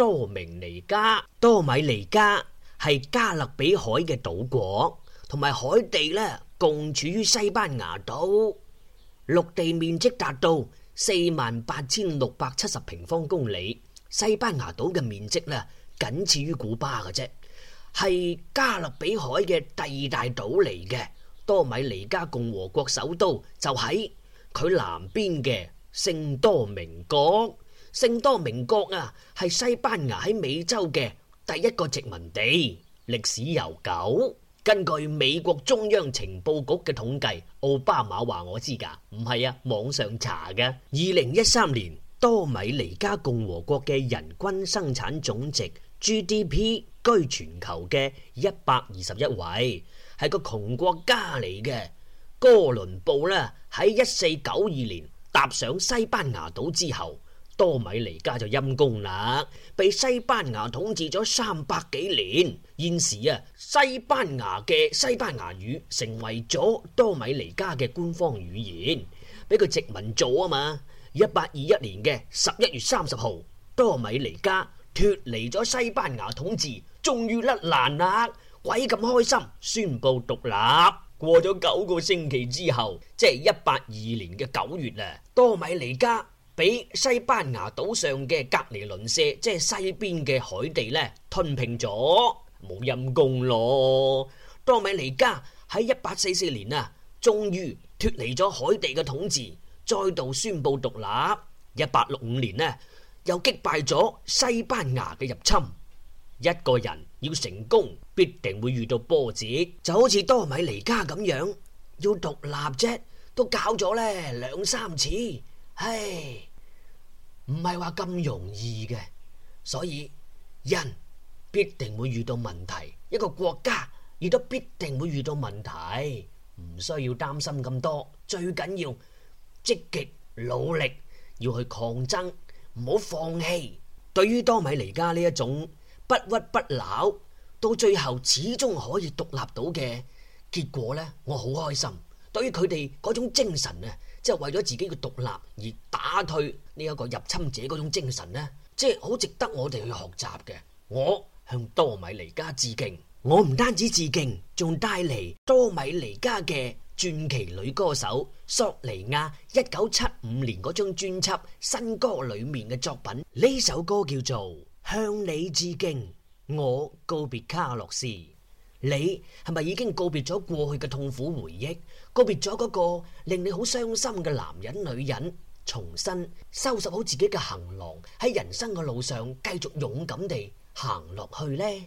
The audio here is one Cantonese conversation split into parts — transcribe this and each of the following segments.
多明尼加，多米尼加係加勒比海嘅島國，同埋海地咧共處於西班牙島，陸地面積達到四萬八千六百七十平方公里。西班牙島嘅面積咧僅次於古巴嘅啫，係加勒比海嘅第二大島嚟嘅。多米尼加共和國首都就喺佢南邊嘅聖多明港。聖多明國啊，係西班牙喺美洲嘅第一個殖民地，歷史悠久。根據美國中央情報局嘅統計，奧巴馬話我知噶，唔係啊，網上查嘅。二零一三年，多米尼加共和國嘅人均生產總值 GDP 居全球嘅一百二十一位，係個窮國家嚟嘅。哥倫布呢，喺一四九二年踏上西班牙島之後。多米尼加就陰功啦，被西班牙統治咗三百幾年，現時啊，西班牙嘅西班牙語成為咗多米尼加嘅官方語言，俾佢殖民咗啊嘛。一八二一年嘅十一月三十號，多米尼加脫離咗西班牙統治，終於甩難啦，鬼咁開心，宣佈獨立。過咗九個星期之後，即係一八二年嘅九月啊，多米尼加。俾西班牙島上嘅隔離鄰舍，即係西邊嘅海地咧吞併咗，冇陰功咯。多米尼加喺一八四四年啊，終於脫離咗海地嘅統治，再度宣佈獨立。一八六五年呢，又擊敗咗西班牙嘅入侵。一個人要成功，必定會遇到波折，就好似多米尼加咁樣，要獨立啫，都搞咗咧兩三次，唉。唔係話咁容易嘅，所以人必定會遇到問題，一個國家亦都必定會遇到問題，唔需要擔心咁多，最緊要積極努力要去抗爭，唔好放棄。對於多米尼加呢一種不屈不撓，到最後始終可以獨立到嘅結果呢，我好開心。對於佢哋嗰種精神啊！即係為咗自己嘅獨立而打退呢一個入侵者嗰種精神呢，即係好值得我哋去學習嘅。我向多米尼加致敬，我唔單止致敬，仲帶嚟多米尼加嘅傳奇女歌手索尼亞一九七五年嗰張專輯新歌裏面嘅作品。呢首歌叫做《向你致敬》，我告別卡洛斯。你係咪已經告別咗過去嘅痛苦回憶，告別咗嗰個令你好傷心嘅男人女人，重新收拾好自己嘅行囊，喺人生嘅路上繼續勇敢地行落去呢？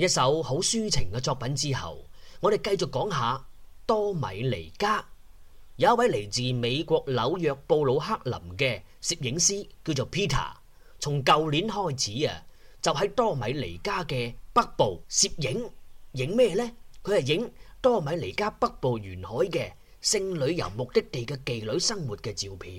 一首好抒情嘅作品之後，我哋繼續講下多米尼加。有一位嚟自美國紐約布魯克林嘅攝影師叫做 Peter，從舊年開始啊，就喺多米尼加嘅北部攝影，影咩咧？佢係影多米尼加北部沿海嘅。性旅遊目的地嘅妓女生活嘅照片，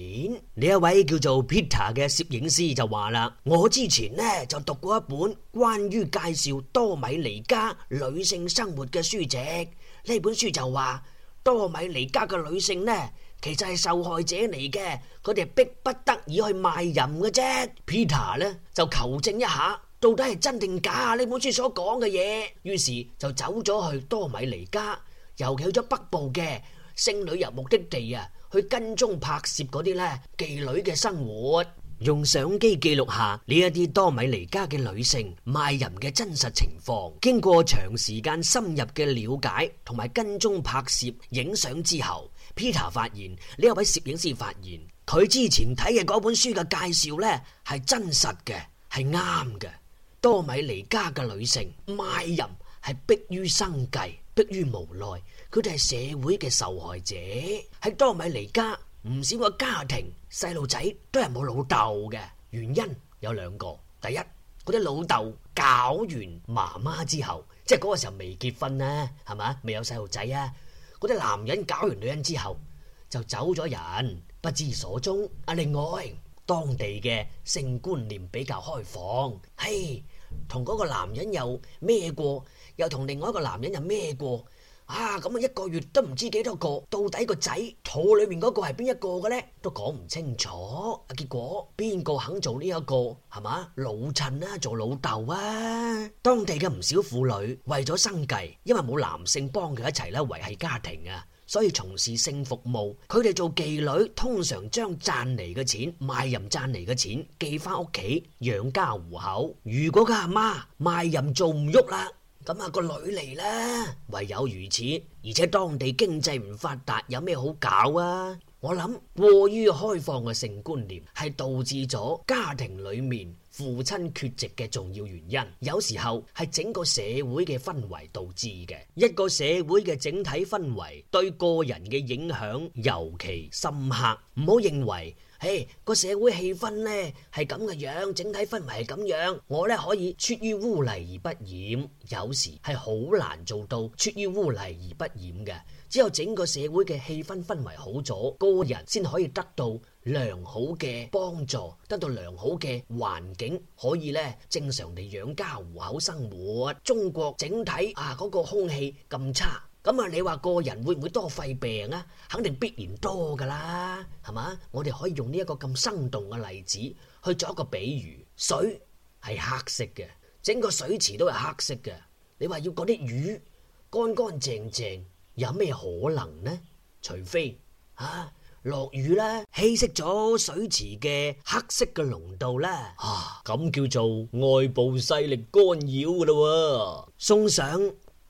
呢一位叫做 Peter 嘅攝影師就話啦：我之前呢就讀過一本關於介紹多米尼加女性生活嘅書籍，呢本書就話多米尼加嘅女性呢其實係受害者嚟嘅，佢哋逼不得已去賣淫嘅啫。Peter 呢就求證一下到底係真定假，呢本書所講嘅嘢，於是就走咗去多米尼加，尤其去咗北部嘅。性旅遊目的地啊，去跟蹤拍攝嗰啲呢妓女嘅生活，用相機記錄下呢一啲多米尼加嘅女性賣淫嘅真實情況。經過長時間深入嘅了解同埋跟蹤拍攝、影相之後，Peter 發現呢一位攝影師發現佢之前睇嘅嗰本書嘅介紹呢係真實嘅，係啱嘅。多米尼加嘅女性賣淫係迫於生計，迫於無奈。佢哋係社會嘅受害者，喺多米尼加唔少個家庭細路仔都係冇老豆嘅，原因有兩個。第一，嗰啲老豆搞完媽媽之後，即係嗰個時候未結婚啊，係咪？未有細路仔啊。嗰啲男人搞完女人之後就走咗人，不知所蹤。啊，另外當地嘅性觀念比較開放，嘿，同嗰個男人又咩過，又同另外一個男人又咩過。啊，咁啊一個月都唔知幾多個，到底個仔肚裏面嗰個係邊一個嘅呢？都講唔清楚。啊，結果邊個肯做呢？這、一個係嘛老襯啊，做老豆啊？當地嘅唔少婦女為咗生計，因為冇男性幫佢一齊啦，維繫家庭啊，所以從事性服務。佢哋做妓女通常將賺嚟嘅錢，賣淫賺嚟嘅錢寄翻屋企養家糊口。如果佢阿媽賣淫做唔喐啦。咁啊，個女嚟啦，唯有如此。而且當地經濟唔發達，有咩好搞啊？我諗，過於開放嘅性觀念係導致咗家庭裏面父親缺席嘅重要原因。有時候係整個社會嘅氛圍導致嘅。一個社會嘅整體氛圍對個人嘅影響尤其深刻。唔好認為。嘿，個、hey，社會氣氛呢係咁嘅樣，整體氛圍係咁樣，我呢可以出於污泥而不染，有時係好難做到出於污泥而不染嘅。只有整個社會嘅氣氛氛圍好咗，個人先可以得到良好嘅幫助，得到良好嘅環境，可以呢正常地養家糊口生活。中國整體啊嗰、那個空氣咁差。咁啊，你話個人會唔會多肺病啊？肯定必然多噶啦，係嘛？我哋可以用呢一個咁生動嘅例子去做一個比喻：水係黑色嘅，整個水池都係黑色嘅。你話要嗰啲魚乾乾淨淨，有咩可能呢？除非啊，落雨啦，稀釋咗水池嘅黑色嘅濃度啦。啊，咁叫做外部勢力干擾噶啦！送上。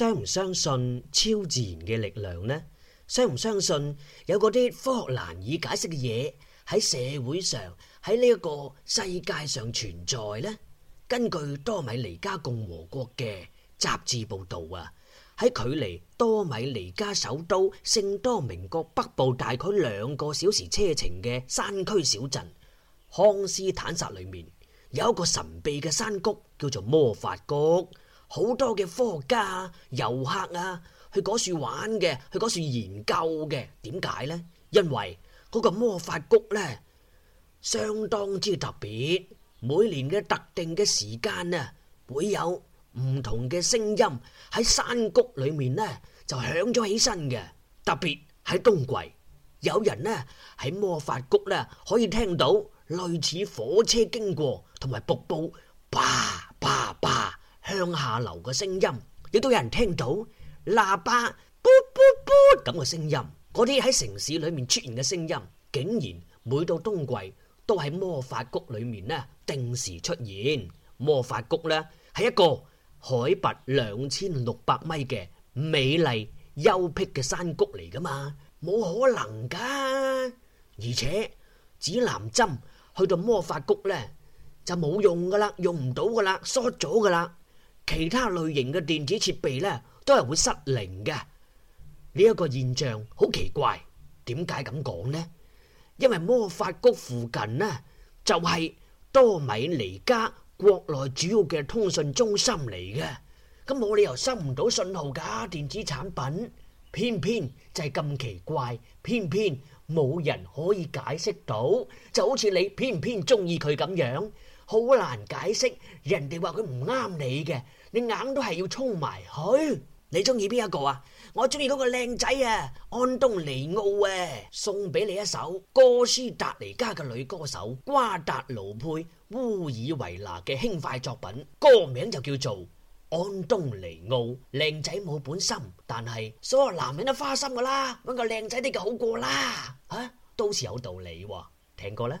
相唔相信超自然嘅力量呢？相唔相信有嗰啲科學難以解釋嘅嘢喺社會上喺呢一個世界上存在呢？根據多米尼加共和國嘅雜誌報道啊，喺距離多米尼加首都聖多明各北部大概兩個小時車程嘅山區小鎮康斯坦薩裏面，有一個神秘嘅山谷叫做魔法谷。好多嘅科學家啊、遊客啊，去嗰處玩嘅，去嗰處研究嘅，點解呢？因為嗰個魔法谷呢，相當之特別。每年嘅特定嘅時間啊，會有唔同嘅聲音喺山谷裏面呢，就響咗起身嘅。特別喺冬季，有人呢喺魔法谷呢，可以聽到類似火車經過同埋瀑布，啪啪啪。向下流嘅聲音亦都有人聽到，喇叭，噗噗噗咁嘅聲音。嗰啲喺城市裏面出現嘅聲音，竟然每到冬季都喺魔法谷裏面呢定時出現。魔法谷呢係一個海拔兩千六百米嘅美麗幽僻嘅山谷嚟噶嘛，冇可能噶。而且指南針去到魔法谷呢就冇用噶啦，用唔到噶啦，縮咗噶啦。其他類型嘅電子設備呢，都係會失靈嘅呢一個現象，好奇怪。點解咁講呢？因為魔法谷附近呢，就係多米尼加國內主要嘅通訊中心嚟嘅，咁冇理由收唔到信號噶。電子產品偏偏就係咁奇怪，偏偏冇人可以解釋到，就好似你偏偏中意佢咁樣，好難解釋。人哋話佢唔啱你嘅。你硬都係要衝埋去，你中意邊一個啊？我中意嗰個靚仔啊，安東尼奧誒，送俾你一首哥斯達黎加嘅女歌手瓜達盧佩烏爾維納嘅輕快作品，歌名就叫做安東尼奧。靚仔冇本心，但係所有男人都花心噶啦，搵個靚仔啲嘅好過啦，吓都是有道理喎。聽過呢？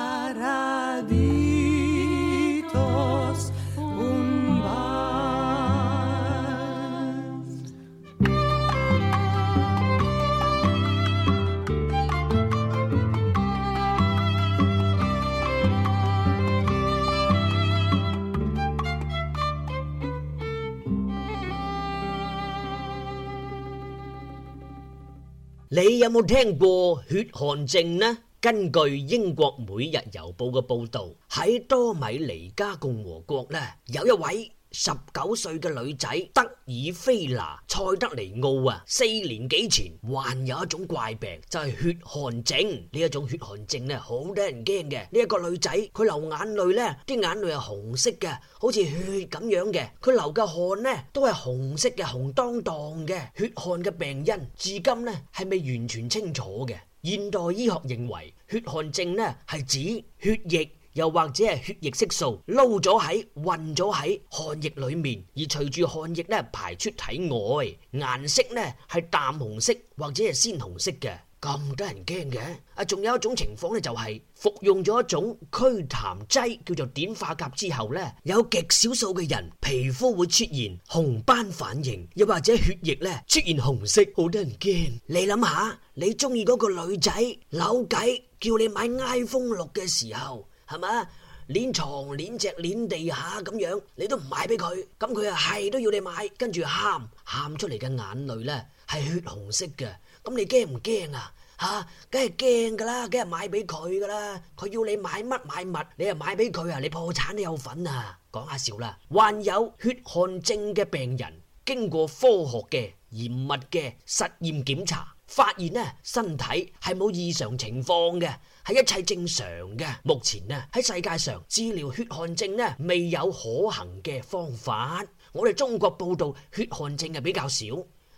你有冇聽過血汗症呢？根據英國每日郵報嘅報道，喺多米尼加共和國呢，有一位。十九歲嘅女仔德爾菲娜塞德尼奧啊，四年幾前患有一種怪病，就係、是、血汗症。呢一種血汗症呢，好得人驚嘅。呢、這、一個女仔，佢流眼淚呢，啲眼淚係紅色嘅，好似血咁樣嘅。佢流嘅汗呢，都係紅色嘅，紅當當嘅。血汗嘅病因至今呢，係未完全清楚嘅。現代醫學認為，血汗症呢，係指血液。又或者係血液色素撈咗喺混咗喺汗液裏面，而隨住汗液咧排出體外，顏色咧係淡紅色或者係鮮紅色嘅，咁得人驚嘅。啊，仲有一種情況咧、就是，就係服用咗一種驅痰劑叫做碘化鉀之後咧，有極少數嘅人皮膚會出現紅斑反應，又或者血液咧出現紅色，好得人驚。你諗下，你中意嗰個女仔扭計叫你買 iPhone 六嘅時候。係嘛？碾床、碾只、碾地下咁樣，你都唔買俾佢，咁佢啊係都要你買，跟住喊喊出嚟嘅眼淚咧係血紅色嘅，咁你驚唔驚啊？吓、啊，梗係驚噶啦，梗係買俾佢噶啦，佢要你買乜買物，你啊買俾佢啊，你破產都有份啊！講下笑啦，患有血汗症嘅病人經過科學嘅嚴密嘅實驗檢查，發現呢身體係冇異常情況嘅。係一切正常嘅。目前呢，喺世界上治療血汗症呢，未有可行嘅方法。我哋中國報道血汗症係比較少。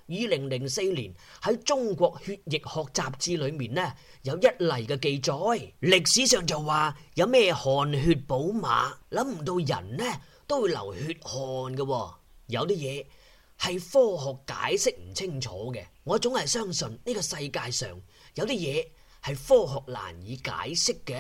二零零四年喺中國血液學雜誌裏面呢，有一例嘅記載。歷史上就話有咩汗血寶馬，諗唔到人呢都會流血汗㗎喎。有啲嘢係科學解釋唔清楚嘅。我總係相信呢個世界上有啲嘢。係科學難以解釋嘅，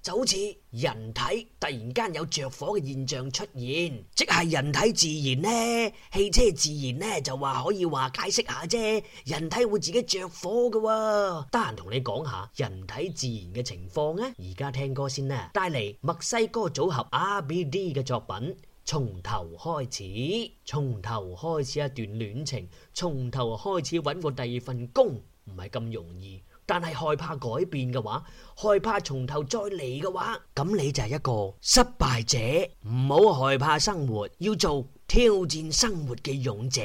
就好似人體突然間有着火嘅現象出現，即係人體自燃呢。汽車自燃呢，就話可以話解釋下啫。人體會自己着火噶。啊，得閒同你講下人體自燃嘅情況啊。而家聽歌先啦，帶嚟墨西哥組合 RBD 嘅作品，從頭開始。從頭開始一段戀情，從頭開始揾個第二份工唔係咁容易。但係害怕改變嘅話，害怕從頭再嚟嘅話，咁你就係一個失敗者。唔好害怕生活，要做挑戰生活嘅勇者。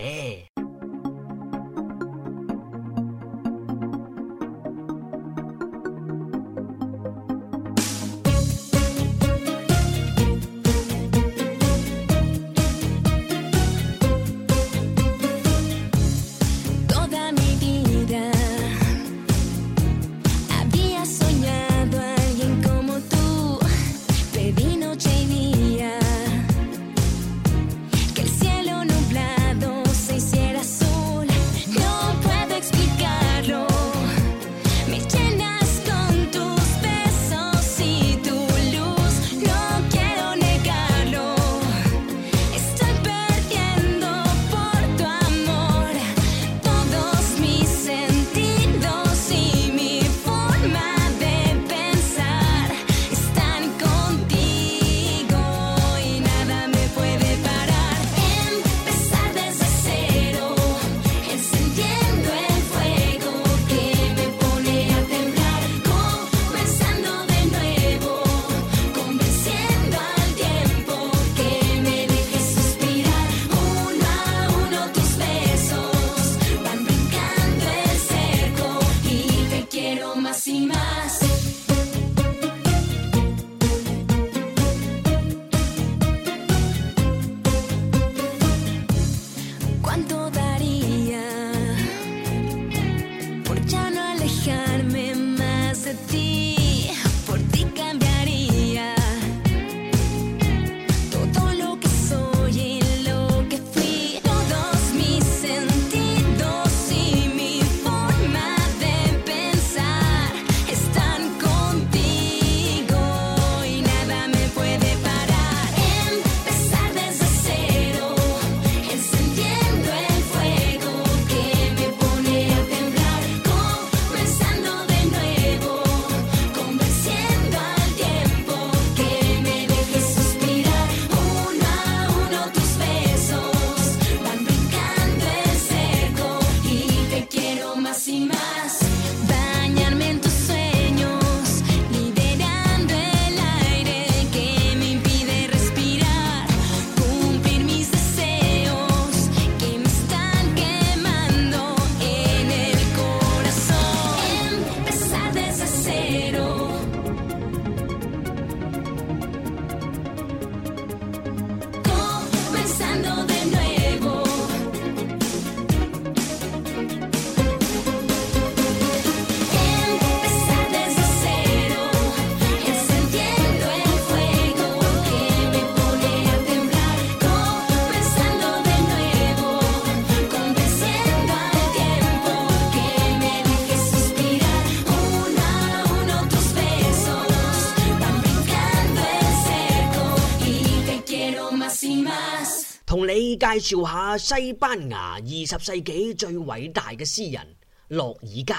介紹下西班牙二十世紀最偉大嘅詩人洛爾加。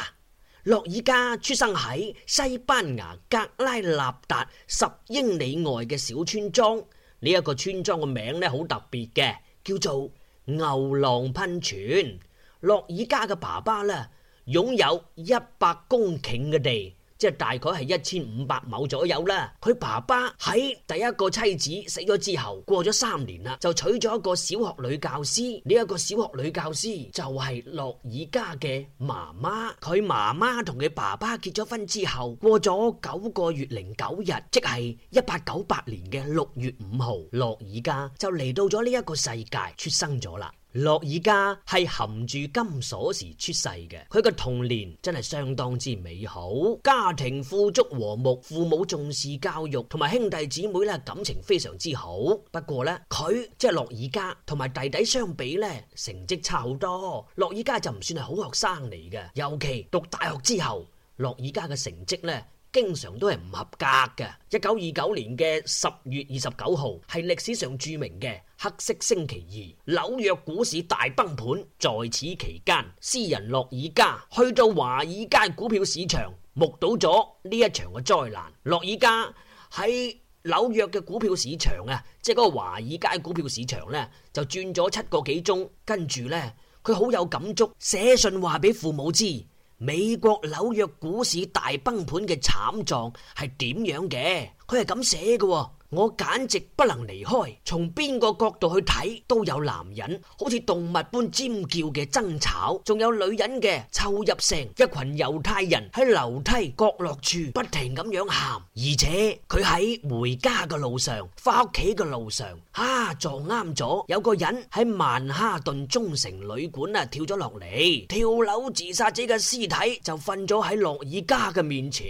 洛爾加出生喺西班牙格拉納達十英里外嘅小村莊，呢、這、一個村莊嘅名咧好特別嘅，叫做牛郎噴泉。洛爾加嘅爸爸咧擁有一百公頃嘅地。即係大概係一千五百畝左右啦。佢爸爸喺第一個妻子死咗之後，過咗三年啦，就娶咗一個小學女教師。呢一個小學女教師就係洛爾加嘅媽媽。佢媽媽同佢爸爸結咗婚之後，過咗九個月零九日，即係一八九八年嘅六月五號，洛爾加就嚟到咗呢一個世界，出生咗啦。樂爾家係含住金鎖匙出世嘅，佢個童年真係相當之美好，家庭富足和睦，父母重視教育，同埋兄弟姊妹咧感情非常之好。不過呢，佢即係樂爾家同埋弟弟相比呢，成績差好多。樂爾家就唔算係好學生嚟嘅，尤其讀大學之後，樂爾家嘅成績呢。經常都係唔合格嘅。一九二九年嘅十月二十九號係歷史上著名嘅黑色星期二，紐約股市大崩盤。在此期間，詩人洛爾加去到華爾街股票市場，目睹咗呢一場嘅災難。洛爾加喺紐約嘅股票市場啊，即係嗰個華爾街股票市場呢，就轉咗七個幾鐘，跟住呢，佢好有感觸，寫信話俾父母知。美國紐約股市大崩盤嘅慘狀係點樣嘅？佢係咁寫嘅。我簡直不能離開，從邊個角度去睇都有男人好似動物般尖叫嘅爭吵，仲有女人嘅抽泣聲。一群猶太人喺樓梯角落處不停咁樣喊，而且佢喺回家嘅路上，翻屋企嘅路上，吓撞啱咗有個人喺曼哈頓中城旅館啊跳咗落嚟，跳樓自殺者嘅屍體就瞓咗喺樂爾加嘅面前。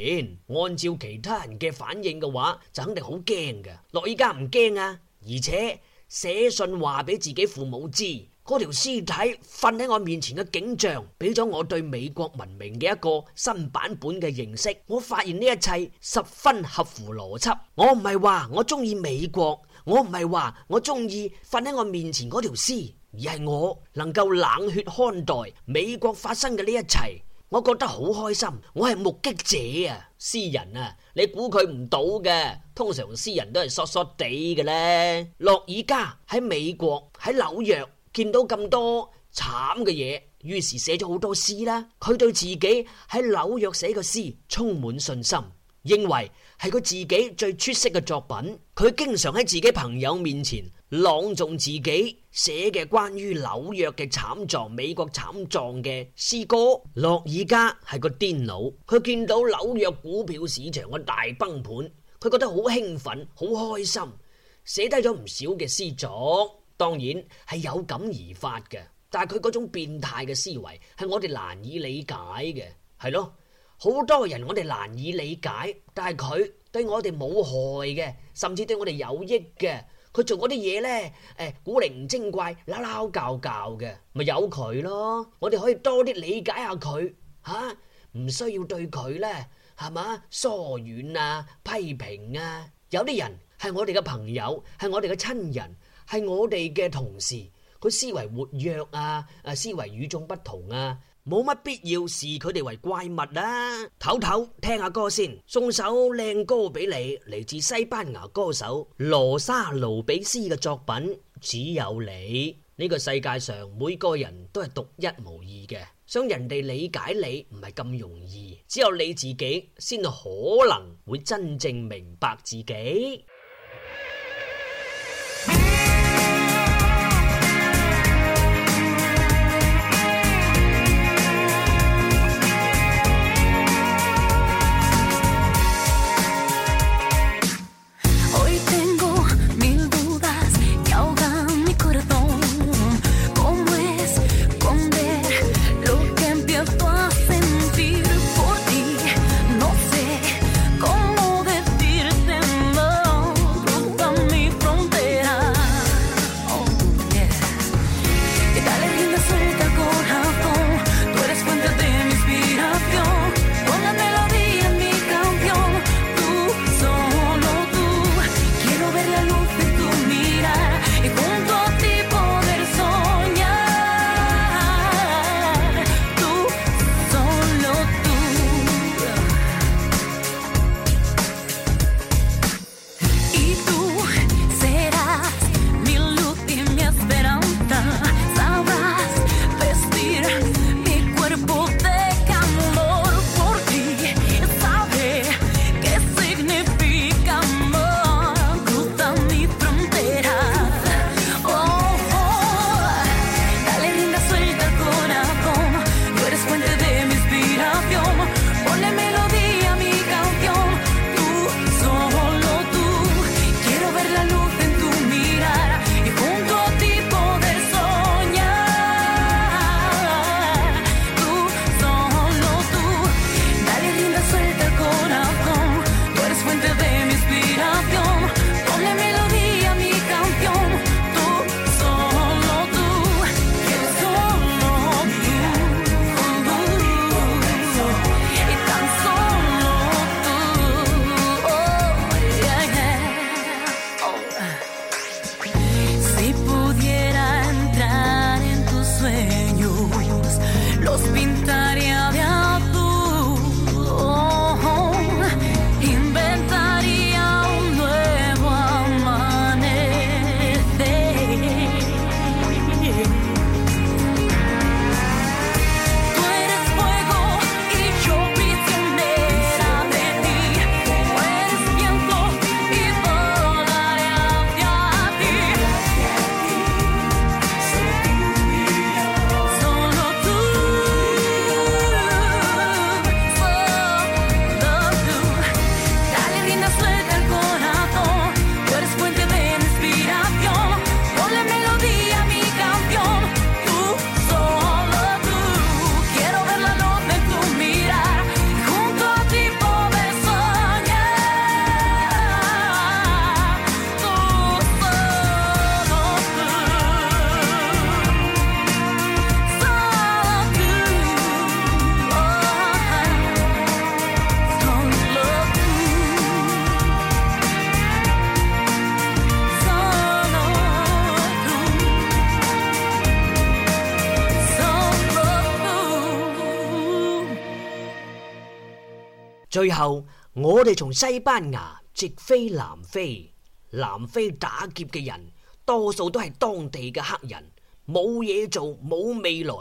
按照其他人嘅反應嘅話，就肯定好驚嘅。落依家唔驚啊！而且寫信話俾自己父母知，嗰條屍體瞓喺我面前嘅景象，俾咗我對美國文明嘅一個新版本嘅認識。我發現呢一切十分合乎邏輯。我唔係話我中意美國，我唔係話我中意瞓喺我面前嗰條屍，而係我能夠冷血看待美國發生嘅呢一切。我覺得好開心，我係目擊者啊！詩人啊，你估佢唔到嘅？通常詩人都係索索地嘅咧。洛爾加喺美國喺紐約見到咁多慘嘅嘢，於是寫咗好多詩啦啊。佢對自己喺紐約寫嘅詩充滿信心。認為係佢自己最出色嘅作品，佢經常喺自己朋友面前朗誦自己寫嘅關於紐約嘅慘狀、美國慘狀嘅詩歌。洛爾加係個癲佬，佢見到紐約股票市場嘅大崩盤，佢覺得好興奮、好開心，寫低咗唔少嘅詩作。當然係有感而發嘅，但係佢嗰種變態嘅思維，係我哋難以理解嘅，係咯。好多人我哋難以理解，但係佢對我哋冇害嘅，甚至對我哋有益嘅。佢做嗰啲嘢呢，誒，古靈精怪、撈撈教教嘅，咪有佢咯。我哋可以多啲理解下佢，吓，唔需要對佢呢，係嘛疏遠啊、批評啊。有啲人係我哋嘅朋友，係我哋嘅親人，係我哋嘅同事。佢思維活躍啊，誒，思維與眾不同啊。冇乜必要視佢哋為怪物啦，啊，唞唞，聽下歌先，送首靚歌俾你，嚟自西班牙歌手羅莎盧比斯嘅作品《只有你》這。呢個世界上每個人都係獨一無二嘅，想人哋理解你唔係咁容易，只有你自己先可能會真正明白自己。最後，我哋從西班牙直飛南非。南非打劫嘅人，多數都係當地嘅黑人，冇嘢做，冇未來，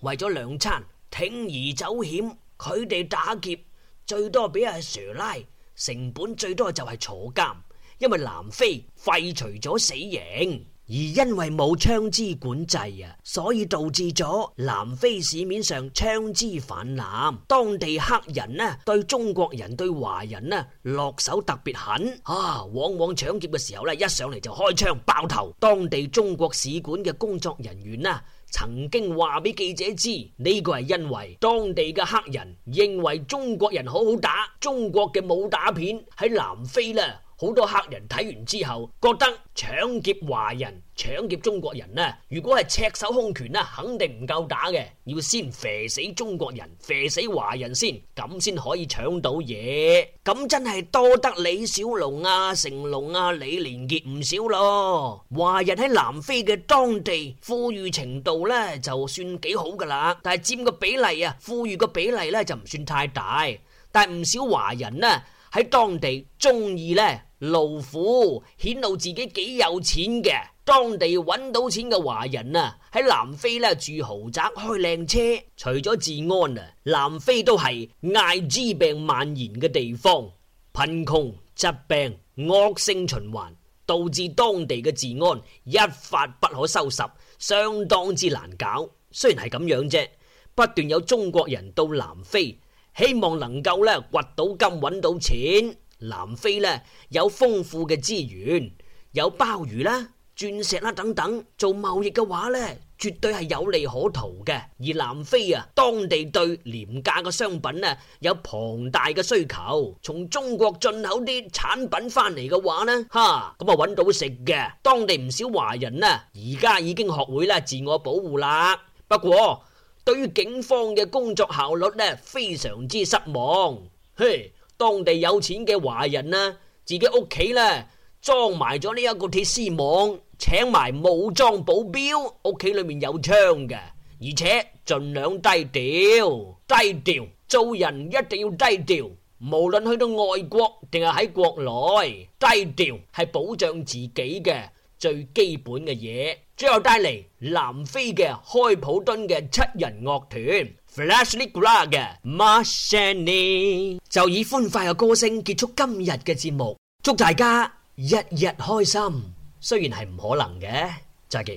為咗兩餐，鋌而走險。佢哋打劫，最多俾阿蛇拉，成本最多就係坐監，因為南非廢除咗死刑。而因為冇槍支管制啊，所以導致咗南非市面上槍支泛濫，當地黑人呢對中國人對華人呢落手特別狠啊，往往搶劫嘅時候呢，一上嚟就開槍爆頭。當地中國使館嘅工作人員呢，曾經話俾記者知，呢個係因為當地嘅黑人認為中國人好好打，中國嘅武打片喺南非啦。好多客人睇完之後，覺得搶劫華人、搶劫中國人呢，如果係赤手空拳呢，肯定唔夠打嘅，要先肥死中國人、肥死華人先，咁先可以搶到嘢。咁真係多得李小龍啊、成龍啊、李連杰唔少咯。華人喺南非嘅當地富裕程度呢，就算幾好㗎喇，但係佔個比例啊，富裕個比例呢，就唔算太大，但係唔少華人呢，喺當地中意咧，路虎顯露自己幾有錢嘅。當地揾到錢嘅華人啊，喺南非咧住豪宅、開靚車。除咗治安啊，南非都係艾滋病蔓延嘅地方，貧窮、疾病、惡性循環，導致當地嘅治安一發不可收拾，相當之難搞。雖然係咁樣啫，不斷有中國人到南非。希望能夠呢掘到金，揾到錢。南非呢，有豐富嘅資源，有鮑魚啦、鑽石啦等等。做貿易嘅話呢，絕對係有利可圖嘅。而南非啊，當地對廉價嘅商品啊，有龐大嘅需求。從中國進口啲產品翻嚟嘅話呢，哈，咁啊揾到食嘅。當地唔少華人呢，而家已經學會啦自我保護啦。不過，對於警方嘅工作效率呢，非常之失望。嘿，當地有錢嘅華人啊，自己屋企呢裝埋咗呢一個鐵絲網，請埋武裝保鏢，屋企裏面有槍嘅，而且盡量低調。低調，做人一定要低調，無論去到外國定係喺國內，低調係保障自己嘅。最基本嘅嘢，最後帶嚟南非嘅開普敦嘅七人樂團 Flashy Gula 嘅 Masheni，就以歡快嘅歌聲結束今日嘅節目。祝大家日日開心，雖然係唔可能嘅，再見。